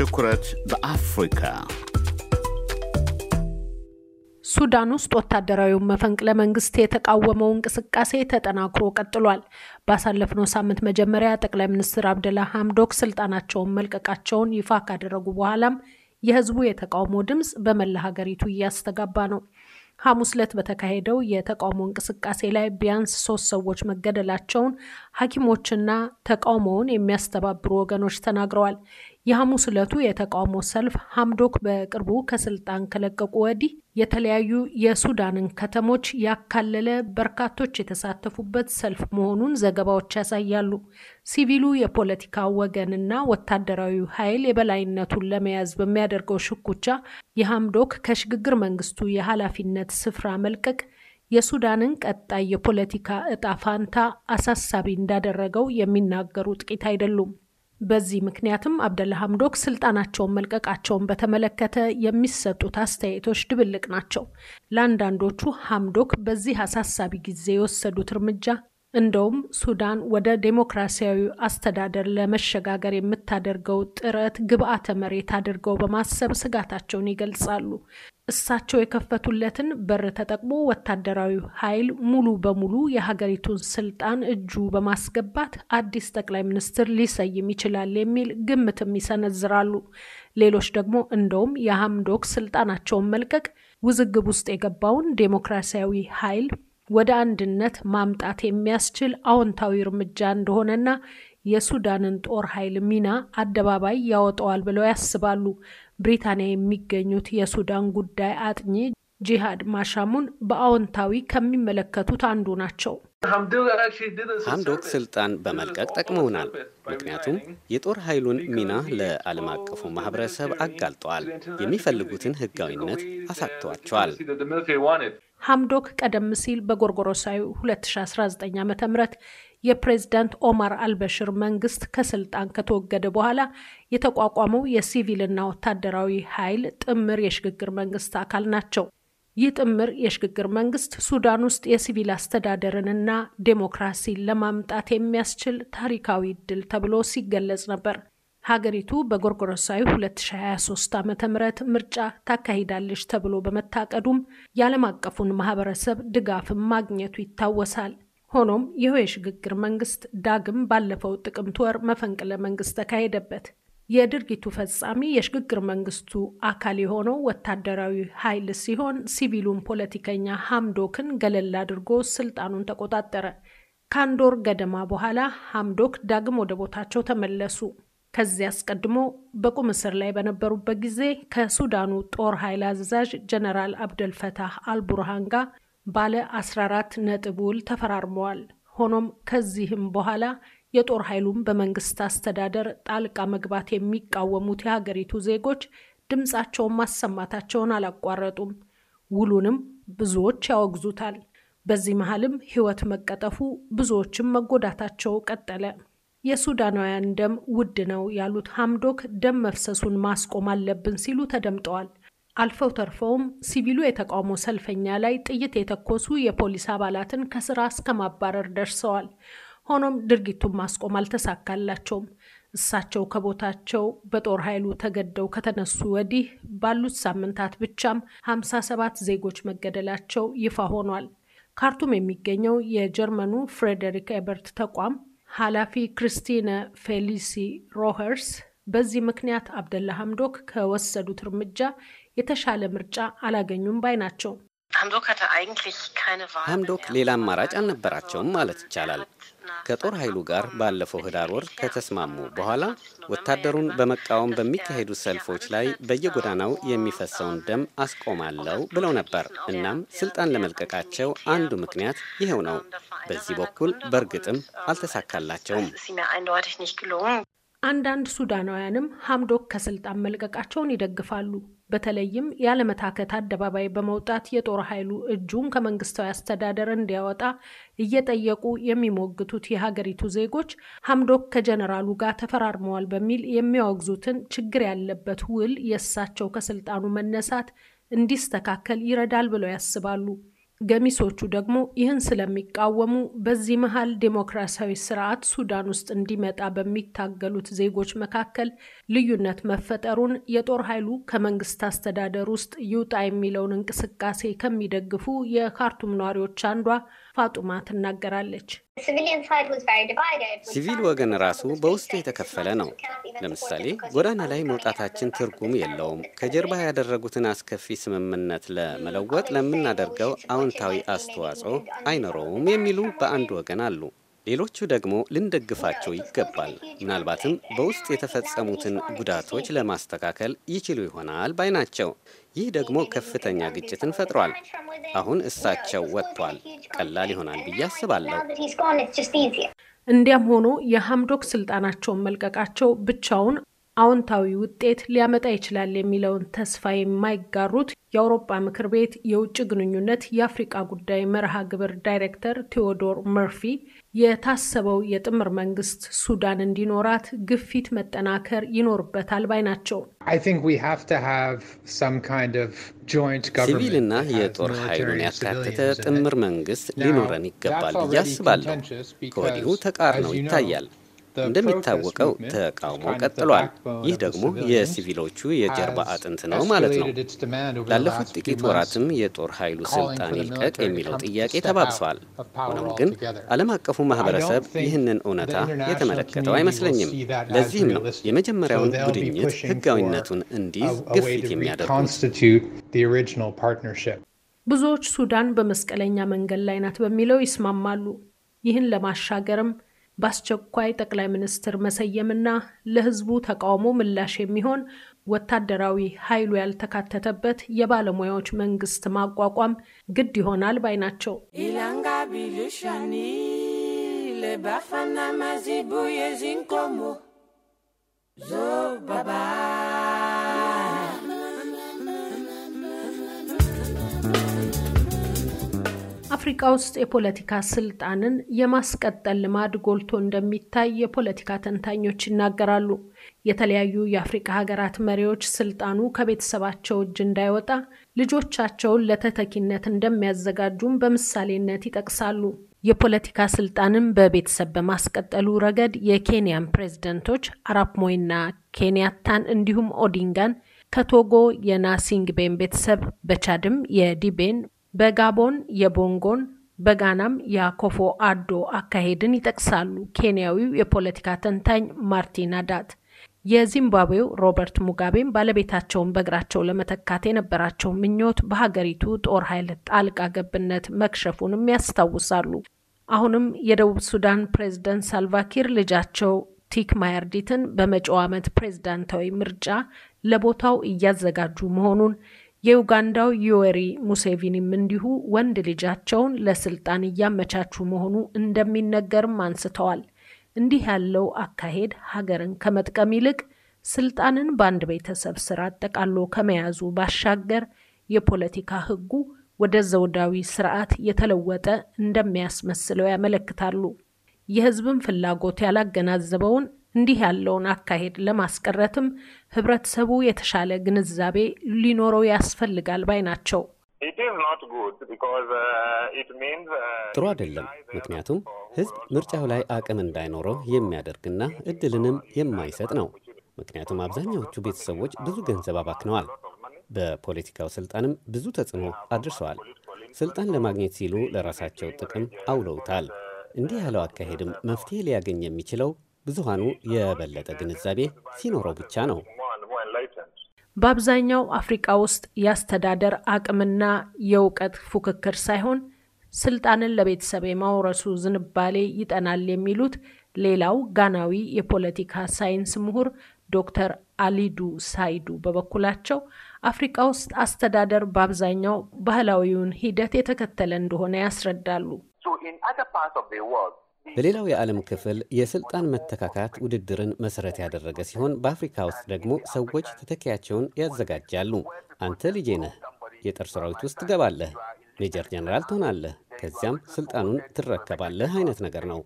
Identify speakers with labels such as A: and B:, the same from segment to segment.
A: ትኩረት በአፍሪካ
B: ሱዳን ውስጥ ወታደራዊውን መፈንቅለ መንግስት የተቃወመው እንቅስቃሴ ተጠናክሮ ቀጥሏል። ባሳለፍነው ሳምንት መጀመሪያ ጠቅላይ ሚኒስትር አብደላ ሐምዶክ ስልጣናቸውን መልቀቃቸውን ይፋ ካደረጉ በኋላም የህዝቡ የተቃውሞ ድምፅ በመላ ሀገሪቱ እያስተጋባ ነው። ሐሙስ ዕለት በተካሄደው የተቃውሞ እንቅስቃሴ ላይ ቢያንስ ሶስት ሰዎች መገደላቸውን ሐኪሞችና ተቃውሞውን የሚያስተባብሩ ወገኖች ተናግረዋል። የሐሙስ ዕለቱ የተቃውሞ ሰልፍ ሐምዶክ በቅርቡ ከስልጣን ከለቀቁ ወዲህ የተለያዩ የሱዳንን ከተሞች ያካለለ በርካቶች የተሳተፉበት ሰልፍ መሆኑን ዘገባዎች ያሳያሉ። ሲቪሉ የፖለቲካ ወገንና ወታደራዊ ኃይል የበላይነቱን ለመያዝ በሚያደርገው ሽኩቻ የሐምዶክ ከሽግግር መንግስቱ የኃላፊነት ስፍራ መልቀቅ የሱዳንን ቀጣይ የፖለቲካ ዕጣ ፋንታ አሳሳቢ እንዳደረገው የሚናገሩ ጥቂት አይደሉም። በዚህ ምክንያትም አብደላ ሀምዶክ ስልጣናቸውን መልቀቃቸውን በተመለከተ የሚሰጡት አስተያየቶች ድብልቅ ናቸው። ለአንዳንዶቹ ሀምዶክ በዚህ አሳሳቢ ጊዜ የወሰዱት እርምጃ እንደውም ሱዳን ወደ ዴሞክራሲያዊ አስተዳደር ለመሸጋገር የምታደርገው ጥረት ግብዓተ መሬት አድርገው በማሰብ ስጋታቸውን ይገልጻሉ። እሳቸው የከፈቱለትን በር ተጠቅሞ ወታደራዊ ኃይል ሙሉ በሙሉ የሀገሪቱን ስልጣን እጁ በማስገባት አዲስ ጠቅላይ ሚኒስትር ሊሰይም ይችላል የሚል ግምትም ይሰነዝራሉ። ሌሎች ደግሞ እንደውም የሀምዶክ ስልጣናቸውን መልቀቅ ውዝግብ ውስጥ የገባውን ዴሞክራሲያዊ ኃይል ወደ አንድነት ማምጣት የሚያስችል አዎንታዊ እርምጃ እንደሆነና የሱዳንን ጦር ኃይል ሚና አደባባይ ያወጣዋል ብለው ያስባሉ። ብሪታንያ የሚገኙት የሱዳን ጉዳይ አጥኚ ጂሃድ ማሻሙን በአዎንታዊ ከሚመለከቱት አንዱ ናቸው።
A: አንድ ወቅት ስልጣን በመልቀቅ ጠቅመውናል። ምክንያቱም የጦር ኃይሉን ሚና ለዓለም አቀፉ ማህበረሰብ አጋልጠዋል። የሚፈልጉትን ህጋዊነት አሳጥተዋቸዋል።
B: ሐምዶክ ቀደም ሲል በጎርጎሮሳዊ 2019 ዓ ም የፕሬዝዳንት ኦማር አልበሽር መንግስት ከስልጣን ከተወገደ በኋላ የተቋቋመው የሲቪልና ወታደራዊ ኃይል ጥምር የሽግግር መንግስት አካል ናቸው። ይህ ጥምር የሽግግር መንግስት ሱዳን ውስጥ የሲቪል አስተዳደርንና ዴሞክራሲን ለማምጣት የሚያስችል ታሪካዊ እድል ተብሎ ሲገለጽ ነበር። ሀገሪቱ በጎርጎረሳዊ 2023 ዓ ም ምርጫ ታካሂዳለች ተብሎ በመታቀዱም የዓለም አቀፉን ማህበረሰብ ድጋፍም ማግኘቱ ይታወሳል። ሆኖም ይኸው የሽግግር መንግስት ዳግም ባለፈው ጥቅምት ወር መፈንቅለ መንግስት ተካሄደበት። የድርጊቱ ፈጻሚ የሽግግር መንግስቱ አካል የሆነው ወታደራዊ ኃይል ሲሆን ሲቪሉን ፖለቲከኛ ሀምዶክን ገለል አድርጎ ስልጣኑን ተቆጣጠረ። ከአንድ ወር ገደማ በኋላ ሀምዶክ ዳግም ወደ ቦታቸው ተመለሱ። ከዚህ አስቀድሞ በቁም እስር ላይ በነበሩበት ጊዜ ከሱዳኑ ጦር ኃይል አዛዥ ጀነራል አብደልፈታህ አልቡርሃን ጋር ባለ 14 ነጥብ ውል ተፈራርመዋል። ሆኖም ከዚህም በኋላ የጦር ኃይሉን በመንግስት አስተዳደር ጣልቃ መግባት የሚቃወሙት የሀገሪቱ ዜጎች ድምፃቸውን ማሰማታቸውን አላቋረጡም። ውሉንም ብዙዎች ያወግዙታል። በዚህ መሃልም ህይወት መቀጠፉ፣ ብዙዎችም መጎዳታቸው ቀጠለ። የሱዳናውያን ደም ውድ ነው ያሉት ሐምዶክ ደም መፍሰሱን ማስቆም አለብን ሲሉ ተደምጠዋል። አልፈው ተርፈውም ሲቪሉ የተቃውሞ ሰልፈኛ ላይ ጥይት የተኮሱ የፖሊስ አባላትን ከስራ እስከ ማባረር ደርሰዋል። ሆኖም ድርጊቱን ማስቆም አልተሳካላቸውም። እሳቸው ከቦታቸው በጦር ኃይሉ ተገደው ከተነሱ ወዲህ ባሉት ሳምንታት ብቻም ሀምሳ ሰባት ዜጎች መገደላቸው ይፋ ሆኗል። ካርቱም የሚገኘው የጀርመኑ ፍሬደሪክ ኤበርት ተቋም ኃላፊ ክርስቲነ ፌሊሲ ሮኸርስ በዚህ ምክንያት አብደላ ሐምዶክ ከወሰዱት እርምጃ የተሻለ ምርጫ አላገኙም ባይ ናቸው። ሐምዶክ
A: er ሌላ አማራጭ አልነበራቸውም er ማለት ይቻላል። ከጦር ኃይሉ ጋር ባለፈው ህዳር ወር ከተስማሙ er በኋላ ወታደሩን በመቃወም በሚካሄዱ ሰልፎች ላይ በየጎዳናው um የሚፈሰውን ደም አስቆማለሁ ብለው ነበር። እናም ስልጣን ለመልቀቃቸው አንዱ ምክንያት ይኸው ነው። ähm, በዚህ በኩል በእርግጥም ähm, አልተሳካላቸውም።
B: አንዳንድ ሱዳናውያንም ሐምዶክ ከስልጣን መልቀቃቸውን ይደግፋሉ። በተለይም ያለመታከት አደባባይ በመውጣት የጦር ኃይሉ እጁን ከመንግስታዊ አስተዳደር እንዲያወጣ እየጠየቁ የሚሞግቱት የሀገሪቱ ዜጎች ሀምዶክ ከጀነራሉ ጋር ተፈራርመዋል በሚል የሚያወግዙትን ችግር ያለበት ውል የእሳቸው ከስልጣኑ መነሳት እንዲስተካከል ይረዳል ብለው ያስባሉ። ገሚሶቹ ደግሞ ይህን ስለሚቃወሙ በዚህ መሀል ዴሞክራሲያዊ ስርዓት ሱዳን ውስጥ እንዲመጣ በሚታገሉት ዜጎች መካከል ልዩነት መፈጠሩን የጦር ኃይሉ ከመንግስት አስተዳደር ውስጥ ይውጣ የሚለውን እንቅስቃሴ ከሚደግፉ የካርቱም ነዋሪዎች አንዷ ፋጡማ ትናገራለች።
A: ሲቪል ወገን ራሱ በውስጡ የተከፈለ ነው። ለምሳሌ ጎዳና ላይ መውጣታችን ትርጉም የለውም። ከጀርባ ያደረጉትን አስከፊ ስምምነት ለመለወጥ ለምናደርገው አዎንታዊ አስተዋጽኦ አይኖረውም የሚሉ በአንድ ወገን አሉ። ሌሎቹ ደግሞ ልንደግፋቸው ይገባል። ምናልባትም በውስጥ የተፈጸሙትን ጉዳቶች ለማስተካከል ይችሉ ይሆናል ባይ ናቸው። ይህ ደግሞ ከፍተኛ ግጭትን ፈጥሯል። አሁን እሳቸው ወጥቷል፣ ቀላል ይሆናል ብዬ አስባለሁ።
B: እንዲያም ሆኖ የሀምዶክ ስልጣናቸውን መልቀቃቸው ብቻውን አዎንታዊ ውጤት ሊያመጣ ይችላል የሚለውን ተስፋ የማይጋሩት የአውሮፓ ምክር ቤት የውጭ ግንኙነት የአፍሪቃ ጉዳይ መርሃ ግብር ዳይሬክተር ቴዎዶር መርፊ የታሰበው የጥምር መንግስት ሱዳን እንዲኖራት ግፊት መጠናከር ይኖርበታል ባይ ናቸው።
A: ሲቪልና የጦር ኃይሉን ያካተተ ጥምር መንግስት ሊኖረን ይገባል ብዬ አስባለሁ። ከወዲሁ ተቃርነው ይታያል። እንደሚታወቀው ተቃውሞ ቀጥሏል። ይህ ደግሞ የሲቪሎቹ የጀርባ አጥንት ነው ማለት ነው። ላለፉት ጥቂት ወራትም የጦር ኃይሉ ስልጣን ይልቀቅ የሚለው ጥያቄ ተባብሷል። ሆኖም ግን ዓለም አቀፉ ማህበረሰብ ይህንን እውነታ የተመለከተው አይመስለኝም። ለዚህም ነው የመጀመሪያውን ጉድኝት ህጋዊነቱን እንዲዝ ግፊት የሚያደርጉት።
B: ብዙዎች ሱዳን በመስቀለኛ መንገድ ላይ ናት በሚለው ይስማማሉ። ይህን ለማሻገርም በአስቸኳይ ጠቅላይ ሚኒስትር መሰየምና ለህዝቡ ተቃውሞ ምላሽ የሚሆን ወታደራዊ ኃይሉ ያልተካተተበት የባለሙያዎች መንግስት ማቋቋም ግድ ይሆናል ባይ ናቸው። ኢላንጋ ቢልሻኒ ለባፋና ማዚቡ ዞ ባባ አፍሪካ ውስጥ የፖለቲካ ስልጣንን የማስቀጠል ልማድ ጎልቶ እንደሚታይ የፖለቲካ ተንታኞች ይናገራሉ። የተለያዩ የአፍሪካ ሀገራት መሪዎች ስልጣኑ ከቤተሰባቸው እጅ እንዳይወጣ ልጆቻቸውን ለተተኪነት እንደሚያዘጋጁም በምሳሌነት ይጠቅሳሉ። የፖለቲካ ስልጣንን በቤተሰብ በማስቀጠሉ ረገድ የኬንያን ፕሬዝደንቶች አራፕ ሞይና ኬንያታን እንዲሁም ኦዲንጋን ከቶጎ የናሲንግቤን ቤተሰብ በቻድም የዲቤን በጋቦን የቦንጎን በጋናም የኮፎ አዶ አካሄድን ይጠቅሳሉ ኬንያዊው የፖለቲካ ተንታኝ ማርቲን አዳት። የዚምባብዌው ሮበርት ሙጋቤም ባለቤታቸውን በእግራቸው ለመተካት የነበራቸው ምኞት በሀገሪቱ ጦር ኃይል ጣልቃ ገብነት መክሸፉንም ያስታውሳሉ። አሁንም የደቡብ ሱዳን ፕሬዝደንት ሳልቫኪር ልጃቸው ቲክ ማያርዲትን በመጪው ዓመት ፕሬዝዳንታዊ ምርጫ ለቦታው እያዘጋጁ መሆኑን የኡጋንዳው ዩዌሪ ሙሴቪኒም እንዲሁ ወንድ ልጃቸውን ለስልጣን እያመቻቹ መሆኑ እንደሚነገርም አንስተዋል። እንዲህ ያለው አካሄድ ሀገርን ከመጥቀም ይልቅ ስልጣንን በአንድ ቤተሰብ ስር አጠቃሎ ከመያዙ ባሻገር የፖለቲካ ሕጉ ወደ ዘውዳዊ ስርዓት የተለወጠ እንደሚያስመስለው ያመለክታሉ። የሕዝብን ፍላጎት ያላገናዘበውን እንዲህ ያለውን አካሄድ ለማስቀረትም ህብረተሰቡ የተሻለ ግንዛቤ ሊኖረው ያስፈልጋል ባይ ናቸው። uh, uh,
A: ጥሩ አይደለም። ምክንያቱም ህዝብ ምርጫው ላይ አቅም እንዳይኖረው የሚያደርግና እድልንም የማይሰጥ ነው። ምክንያቱም አብዛኛዎቹ ቤተሰቦች ብዙ ገንዘብ አባክነዋል፣ በፖለቲካው ስልጣንም ብዙ ተጽዕኖ አድርሰዋል። ስልጣን ለማግኘት ሲሉ ለራሳቸው ጥቅም አውለውታል። እንዲህ ያለው አካሄድም መፍትሄ ሊያገኝ የሚችለው ብዙሃኑ የበለጠ ግንዛቤ ሲኖረው ብቻ ነው።
B: በአብዛኛው አፍሪቃ ውስጥ የአስተዳደር አቅምና የእውቀት ፉክክር ሳይሆን ስልጣንን ለቤተሰብ የማውረሱ ዝንባሌ ይጠናል የሚሉት ሌላው ጋናዊ የፖለቲካ ሳይንስ ምሁር ዶክተር አሊዱ ሳይዱ በበኩላቸው አፍሪቃ ውስጥ አስተዳደር በአብዛኛው ባህላዊውን ሂደት የተከተለ እንደሆነ ያስረዳሉ።
A: በሌላው የዓለም ክፍል የስልጣን መተካካት ውድድርን መሰረት ያደረገ ሲሆን በአፍሪካ ውስጥ ደግሞ ሰዎች ተተኪያቸውን ያዘጋጃሉ። አንተ ልጄ ነህ፣ የጦር ሰራዊት ውስጥ ትገባለህ፣ ሜጀር ጀነራል ትሆናለህ፣ ከዚያም ስልጣኑን ትረከባለህ አይነት ነገር ነው።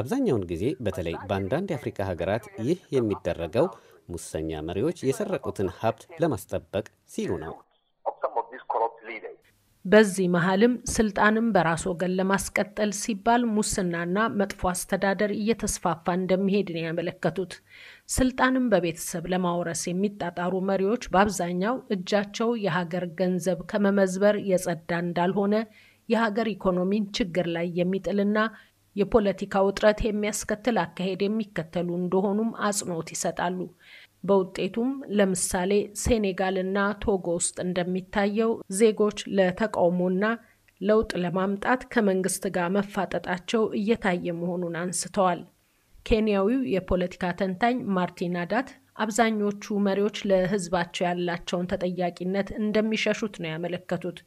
A: አብዛኛውን ጊዜ በተለይ በአንዳንድ የአፍሪካ ሀገራት ይህ የሚደረገው ሙሰኛ መሪዎች የሰረቁትን ሀብት ለማስጠበቅ ሲሉ ነው።
B: በዚህ መሀልም ስልጣንም በራስ ወገን ለማስቀጠል ሲባል ሙስናና መጥፎ አስተዳደር እየተስፋፋ እንደሚሄድ ነው ያመለከቱት። ስልጣንም በቤተሰብ ለማውረስ የሚጣጣሩ መሪዎች በአብዛኛው እጃቸው የሀገር ገንዘብ ከመመዝበር የጸዳ እንዳልሆነ የሀገር ኢኮኖሚን ችግር ላይ የሚጥልና የፖለቲካ ውጥረት የሚያስከትል አካሄድ የሚከተሉ እንደሆኑም አጽንኦት ይሰጣሉ። በውጤቱም ለምሳሌ ሴኔጋልና ቶጎ ውስጥ እንደሚታየው ዜጎች ለተቃውሞና ለውጥ ለማምጣት ከመንግስት ጋር መፋጠጣቸው እየታየ መሆኑን አንስተዋል። ኬንያዊው የፖለቲካ ተንታኝ ማርቲን አዳት አብዛኞቹ መሪዎች ለህዝባቸው ያላቸውን ተጠያቂነት እንደሚሸሹት ነው ያመለከቱት።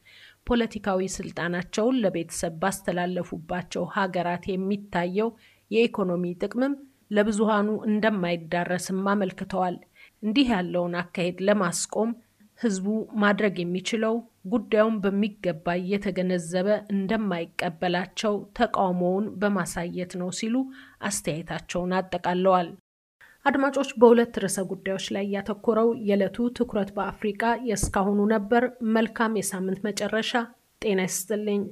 B: ፖለቲካዊ ስልጣናቸውን ለቤተሰብ ባስተላለፉባቸው ሀገራት የሚታየው የኢኮኖሚ ጥቅምም ለብዙሃኑ እንደማይዳረስም አመልክተዋል። እንዲህ ያለውን አካሄድ ለማስቆም ህዝቡ ማድረግ የሚችለው ጉዳዩን በሚገባ እየተገነዘበ እንደማይቀበላቸው ተቃውሞውን በማሳየት ነው ሲሉ አስተያየታቸውን አጠቃለዋል። አድማጮች፣ በሁለት ርዕሰ ጉዳዮች ላይ ያተኮረው የዕለቱ ትኩረት በአፍሪቃ የእስካሁኑ ነበር። መልካም የሳምንት መጨረሻ። ጤና ይስጥልኝ።